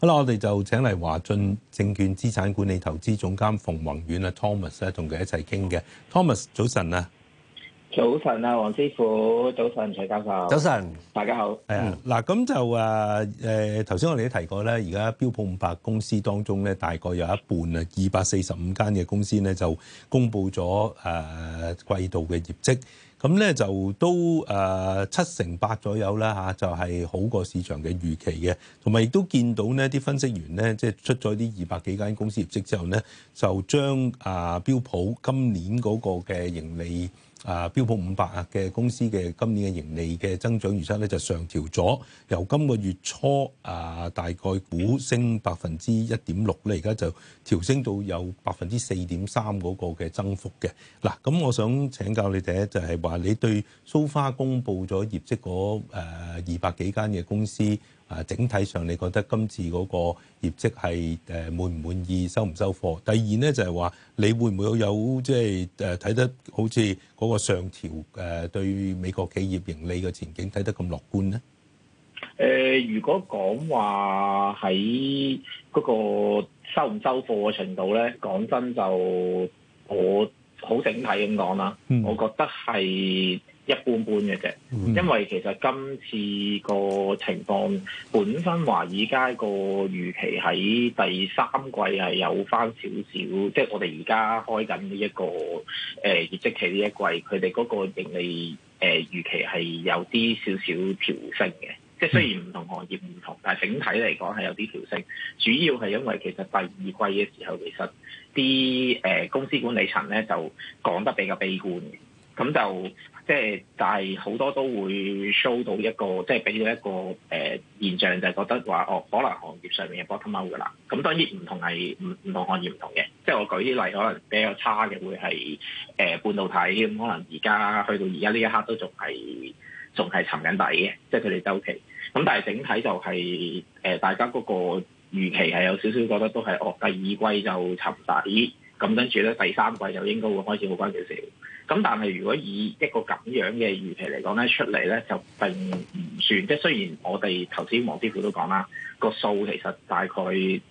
好啦，我哋就請嚟華晉證券資產管理投資總監馮宏遠啊，Thomas 咧，同佢一齊傾嘅。Thomas 早晨啊，早晨啊，黃師傅，早晨，徐教授，早晨，大家好。係啊、嗯，嗱、嗯，咁就誒，誒、呃，頭先我哋都提過咧，而家標普五百公司當中咧，大概有一半啊，二百四十五間嘅公司咧，就公布咗誒季度嘅業績。咁咧就都誒、呃、七成八左右啦嚇、啊，就係、是、好過市場嘅預期嘅，同埋亦都見到呢啲分析員咧，即係出咗啲二百幾間公司業績之後咧，就將啊、呃、標普今年嗰個嘅盈利。啊，標普五百啊嘅公司嘅今年嘅盈利嘅增長預測咧，就上調咗，由今個月初啊大概股升百分之一點六咧，而家就調升到有百分之四點三嗰個嘅增幅嘅。嗱、啊，咁我想請教你哋，就係話，你對 so far 公布咗業績嗰二百幾間嘅公司。啊，整體上你覺得今次嗰個業績係誒滿唔滿意收唔收貨？第二咧就係話，你會唔會有即係誒睇得好似嗰個上調誒、呃、對美國企業盈利嘅前景睇得咁樂觀咧？誒、呃，如果講話喺嗰個收唔收貨嘅程度咧，講真就我好整體咁講啦，我覺得係。嗯一般般嘅啫，因為其實今次個情況本身華爾街個預期喺第三季係有翻少少，即係我哋而家開緊呢一個誒、呃、業績期呢一季，佢哋嗰個盈利誒、呃、預期係有啲少少調升嘅。即係雖然唔同行業唔同，但係整體嚟講，係有啲調升。主要係因為其實第二季嘅時候，其實啲誒、呃、公司管理層咧就講得比較悲觀，咁就。即係、就是，但係好多都會 show 到一個，即係俾到一個誒、呃、現象，就係覺得話哦，可能行業上面嘅 bottom out 嘅啦。咁當然唔同係唔唔同行業唔同嘅。即係我舉啲例，可能比較差嘅會係誒、呃、半導體咁、嗯，可能而家去到而家呢一刻都仲係仲係沉緊底嘅。即係佢哋周期。咁但係整體就係、是、誒、呃、大家嗰個預期係有少少覺得都係哦，第二季就沉底，咁跟住咧第三季就應該會開始好返少少。咁但係如果以一個咁樣嘅預期嚟講咧，出嚟咧就並唔算。即係雖然我哋頭先黃師傅都講啦，個數其實大概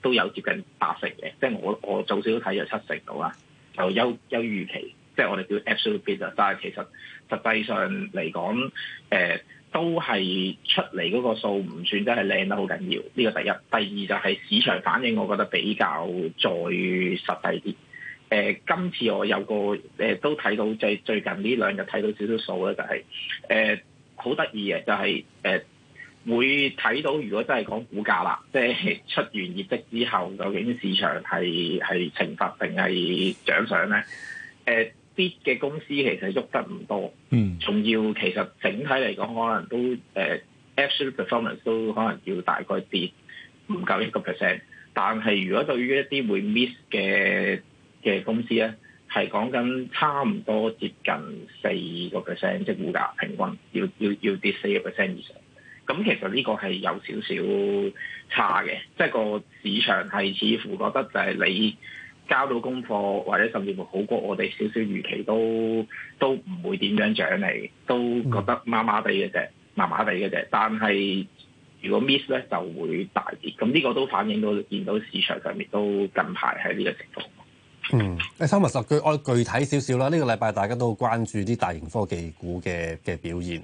都有接近八成嘅。即係我我早少少睇就七成到啦，就優優於預期。即係我哋叫 absolute bit，但係其實實際上嚟講，誒、呃、都係出嚟嗰個數唔算真係靚得好緊要。呢、這個第一。第二就係市場反應，我覺得比較再實際啲。誒、呃，今次我有個誒、呃，都睇到即係最近呢兩日睇到少少數咧，就係誒好得意嘅，就係、是、誒、呃、會睇到，如果真係講股價啦，即係出完業績之後，究竟市場係係懲罰定係獎賞咧？誒啲嘅公司其實喐得唔多，嗯，仲要其實整體嚟講，可能都誒、呃、absolute performance 都可能要大概跌唔夠一個 percent，但係如果對於一啲會 miss 嘅。嘅公司咧，係講緊差唔多接近四個 percent，即係股價平均要要要跌四個 percent 以上。咁其實呢個係有少少差嘅，即係個市場係似乎覺得就係你交到功課，或者甚至乎好過我哋少少預期都，都都唔會點樣獎勵，都覺得麻麻地嘅啫，麻麻地嘅啫。但係如果 miss 咧就會大啲。咁呢個都反映到見到市場上面都近排喺呢個情況。嗯，誒 Thomas 我具體少少啦。呢、這個禮拜大家都好關注啲大型科技股嘅嘅表現。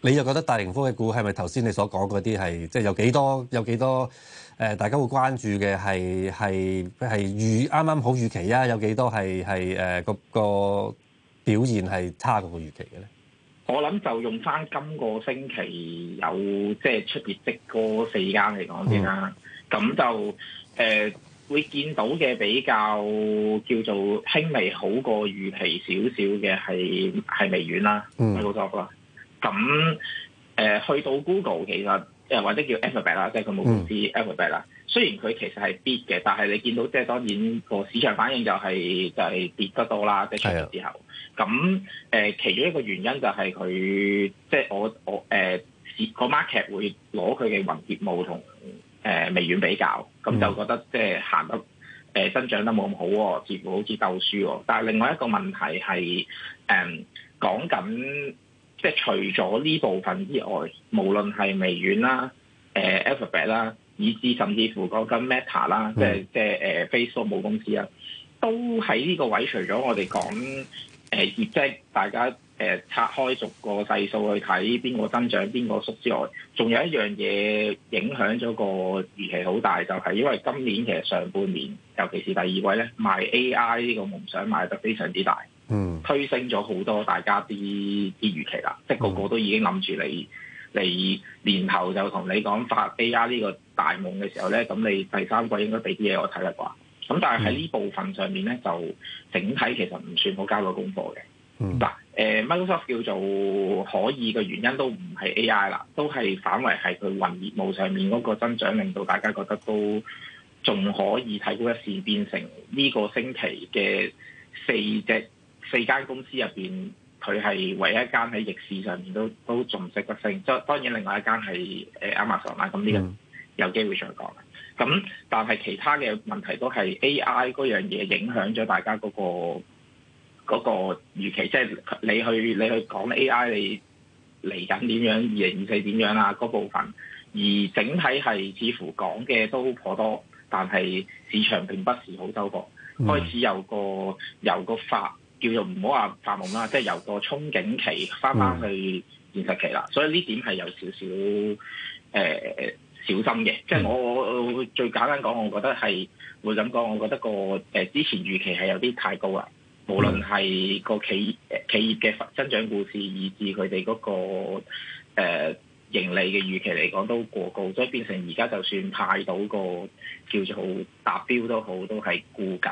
你又覺得大型科技股係咪頭先你所講嗰啲係即係有幾多有幾多誒、呃？大家會關注嘅係係係預啱啱好預期啊？有幾多係係誒個個表現係差過個預期嘅咧？我諗就用翻今個星期有即係、就是、出業績嗰四間嚟講先啦。咁、嗯、就誒。呃會見到嘅比較叫做輕微好過預期少少嘅係係微軟啦，嗯、mm.，冇錯啦。咁、呃、誒去到 Google 其實誒或者叫 Alphabet 啦，即係佢母公司 Alphabet 啦。Mm. 雖然佢其實係 beat 嘅，但係你見到即係當然個市場反應就係、是、就係、是、跌得多啦。即係出咗之後，咁誒的、呃、其中一個原因就係佢即係我我誒個 market 會攞佢嘅雲業務同。誒微軟比較，咁就覺得即係行得誒增長得冇咁好，似乎好似鬥輸喎。但係另外一個問題係誒、嗯、講緊，即係除咗呢部分之外，無論係微軟啦、誒、呃、Alphabet 啦，以至甚至乎嗰間 Meta 啦、嗯，即係即係誒 Facebook 母公司啊，都喺呢個位除。除咗我哋講誒業績，即大家。誒拆開逐個細數去睇邊個增長邊個縮之外，仲有一樣嘢影響咗個預期好大，就係、是、因為今年其實上半年，尤其是第二季咧，賣 AI 呢個夢想賣得非常之大，嗯，推升咗好多大家啲啲預期啦。嗯、即係個個都已經諗住你嚟年頭就同你講發 AI 呢個大夢嘅時候咧，咁你第三季應該俾啲嘢我睇啦啩？咁但係喺呢部分上面咧，就整體其實唔算好交到功課嘅。嗱，誒、mm hmm.，Microsoft 叫做可以嘅原因都唔係 A.I. 啦，都係反為係佢雲業務上面嗰個增長，令到大家覺得都仲可以睇高一線，變成呢個星期嘅四隻四間公司入邊，佢係唯一一間喺逆市上面都都仲識得升。即係當然另外一間係誒 Amazon 啦，咁呢個有機會再講。咁、mm hmm. 但係其他嘅問題都係 A.I. 嗰樣嘢影響咗大家嗰、那個。嗰個預期，即係你去你去講 AI，你嚟緊點樣？二零二四點樣啊？嗰、那個、部分，而整體係似乎講嘅都頗多，但係市場並不是好收貨，開始有個有個發叫做唔好話發夢啦，即係有個憧憬期返返去現實期啦。所以呢點係有少少誒小心嘅。即係我我最簡單講，我覺得係會咁講，我覺得個誒、呃、之前預期係有啲太高啦。無論係個企企業嘅增長故事，以至佢哋嗰個、呃、盈利嘅預期嚟講都過高，所以變成而家就算派到個叫做達標都好，都係沽緊。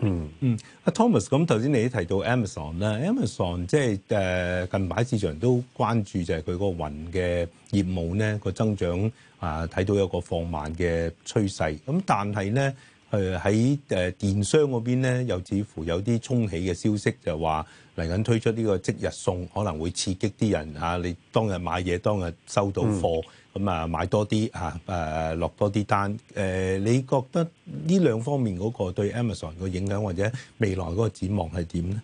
嗯嗯，阿、啊、Thomas，咁頭先你提到 Am Amazon 啦，Amazon 即係誒近排市場都關注就係佢嗰個雲嘅業務咧、個增長啊，睇、呃、到有個放慢嘅趨勢。咁但係咧。誒喺誒電商嗰邊咧，又似乎有啲衝起嘅消息，就話嚟緊推出呢個即日送，可能會刺激啲人嚇、啊，你當日買嘢當日收到貨，咁啊、嗯、買多啲嚇，誒落多啲單。誒、啊，你覺得呢兩方面嗰個對 Amazon 個影響或者未來嗰個展望係點咧？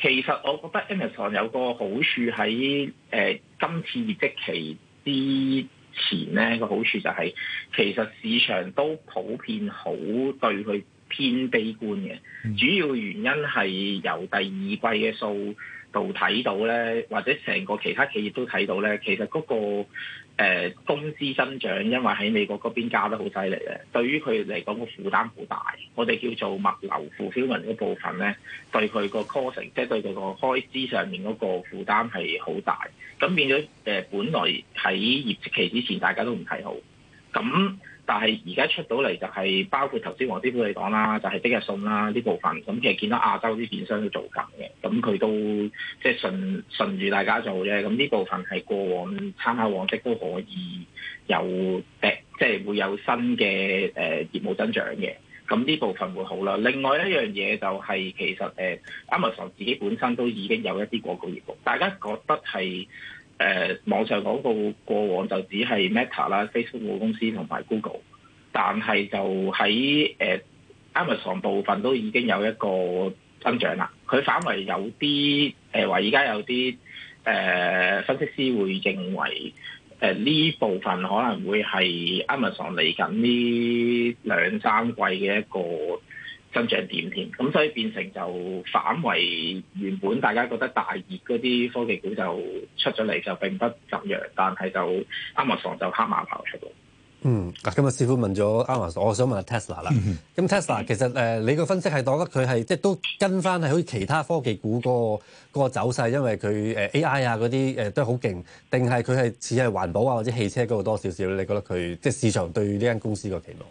其實我覺得 Amazon 有個好處喺誒、呃、今次業績期啲。前咧個好處就係，其實市場都普遍好對佢偏悲觀嘅，主要原因係由第二季嘅數度睇到咧，或者成個其他企業都睇到咧，其實嗰、嗰個、呃、工資增長，因為喺美國嗰邊加得好犀利咧，對於佢嚟講個負擔好大。我哋叫做物流負銷文嗰部分咧，對佢個 costing 即係對佢個開支上面嗰個負擔係好大。咁變咗誒，本來喺業績期之前大家都唔睇好。咁，但係而家出到嚟就係包括頭先黃師傅你講啦，就係、是、即日送啦呢部分，咁其實見到亞洲啲電商都做緊嘅，咁佢都即係、就是、順順住大家做啫。咁呢部分係過往參考往績都可以有誒，即、就、係、是、會有新嘅誒、呃、業務增長嘅。咁呢部分會好啦。另外一樣嘢就係、是、其實誒、呃、Amazon 自己本身都已經有一啲廣告業務，大家覺得係。誒網上廣告過,過往就只係 Meta 啦、Facebook 公司同埋 Google，但係就喺誒、呃、Amazon 部分都已經有一個增長啦。佢反而有啲誒話，而、呃、家有啲誒、呃、分析師會認為誒呢、呃、部分可能會係 Amazon 嚟緊呢兩三季嘅一個。增長點添，咁所以變成就反為原本大家覺得大熱嗰啲科技股就出咗嚟就並不執弱，但係就 Amazon 就黑馬跑出嚟。嗯，今日師傅問咗 Amazon，我想問 Tesla 啦。咁、嗯、Tesla 其實誒、呃、你個分析係覺得佢係即係都跟翻係好似其他科技股嗰、嗰個走勢，因為佢誒、呃、AI 啊嗰啲誒都係好勁，定係佢係似係環保啊或者汽車嗰度多少少？你覺得佢即係市場對呢間公司個期望？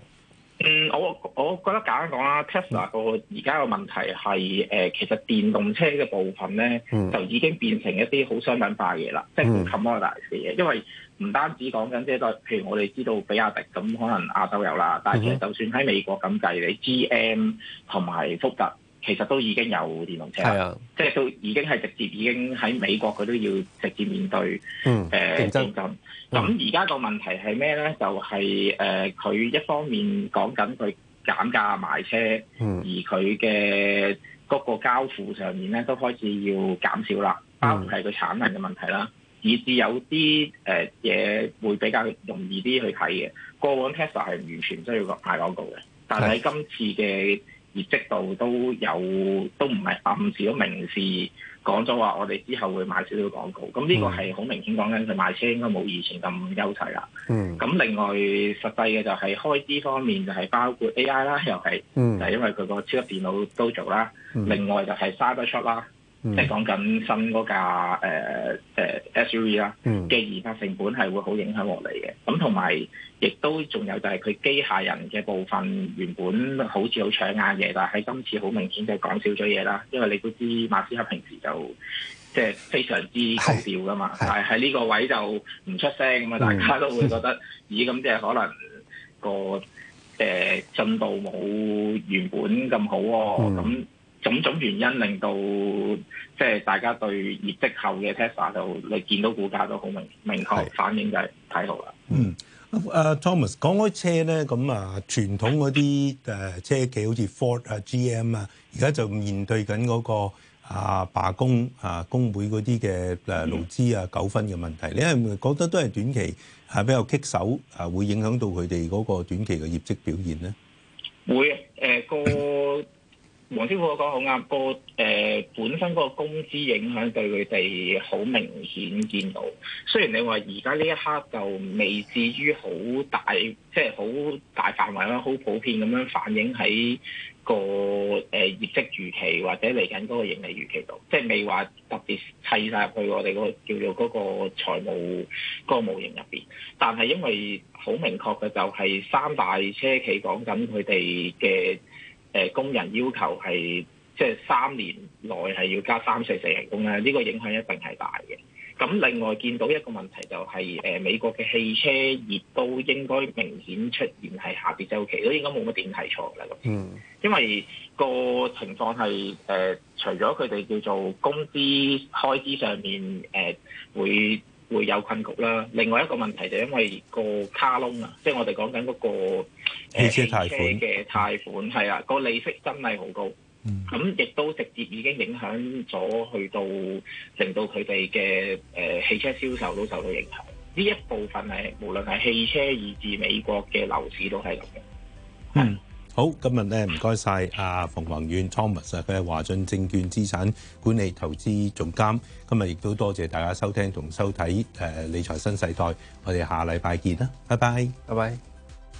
我我覺得簡單講啦，Tesla 個而家個問題係誒、呃，其實電動車嘅部分咧、嗯、就已經變成一啲好商品化嘅嘢啦，即係 commoditize 嘅嘢。因為唔單止講緊即係，譬如我哋知道比亞迪咁，可能亞洲有啦，但係其實就算喺美國咁計，你 GM 同埋福特。其實都已經有電動車，啊、即係都已經係直接已經喺美國佢都要直接面對誒、嗯呃、競爭。咁而家個問題係咩咧？就係誒佢一方面講緊佢減價賣車，嗯、而佢嘅嗰個交付上面咧都開始要減少啦，包括係個產能嘅問題啦，嗯、以至有啲誒嘢會比較容易啲去睇嘅。過往 Tesla 係完全唔需要賣廣告嘅，但係今次嘅業績度都有都唔係暗示都明示講咗話，我哋之後會買少少廣告，咁呢個係好明顯講緊，佢賣車應該冇以前咁優勢啦。嗯，咁另外實際嘅就係開支方面，就係、是、包括 AI 啦，又係，嗯、就係因為佢個超級電腦都做啦，嗯、另外就係 s a d e shot 啦。即係講緊新嗰架誒誒 SUV 啦嘅研發成本係會好影響獲利嘅，咁同埋亦都仲有就係佢機械人嘅部分原本好似好搶眼嘅，但係今次好明顯就講少咗嘢啦。因為你都知馬斯克平時就即係、就是、非常之搞笑㗎嘛，是但係喺呢個位就唔出聲咁啊，嗯、大家都會覺得、嗯、 咦咁即係可能、那個誒、呃、進度冇原本咁好喎咁。嗯嗯種種原因令到即係大家對業績後嘅 Tesla 就你見到股價都好明明確反應就係睇好啦。嗯，阿、uh, Thomas 講開車咧，咁啊傳統嗰啲誒車企好似 Ford 啊、ord, GM 啊，而家就面對緊嗰、嗰個啊罷工啊工會嗰啲嘅誒勞資、嗯、啊，勞資啊糾紛嘅問題，你係唔覺得都係短期係比較棘手，誒、啊、會影響到佢哋嗰個短期嘅業績表現咧？會誒、呃、個。 黃師傅講好啱，個誒、呃、本身嗰個工資影響對佢哋好明顯見到。雖然你話而家呢一刻就未至於好大，即係好大範圍啦，好普遍咁樣反映喺、那個誒、呃、業績預期或者嚟緊嗰個盈利預期度，即係未話特別砌晒入去我哋嗰、那個、叫做嗰個財務嗰、那個模型入邊。但係因為好明確嘅就係三大車企講緊佢哋嘅。誒、呃、工人要求係即係三年內係要加三四成人工咧，呢、這個影響一定係大嘅。咁另外見到一個問題就係、是、誒、呃、美國嘅汽車業都應該明顯出現係下跌周期，都應該冇乜點睇錯啦。咁、嗯，因為個情況係誒、呃，除咗佢哋叫做工資開支上面誒、呃、會。會有困局啦。另外一個問題就因為個卡窿啊，即、就、係、是、我哋講緊嗰個、呃、汽車貸款嘅貸款係啊，個利息真係好高。咁、嗯嗯、亦都直接已經影響咗去到令到佢哋嘅誒汽車銷售都受到影響。呢一部分係無論係汽車以至美國嘅樓市都係咁嘅。嗯。好，今日咧唔該晒阿馮宏遠 Thomas，佢、啊、係華晉證券資產管理投資總監。今日亦都多謝大家收聽同收睇誒、啊、理財新世代。我哋下禮拜見啦，拜拜，拜拜。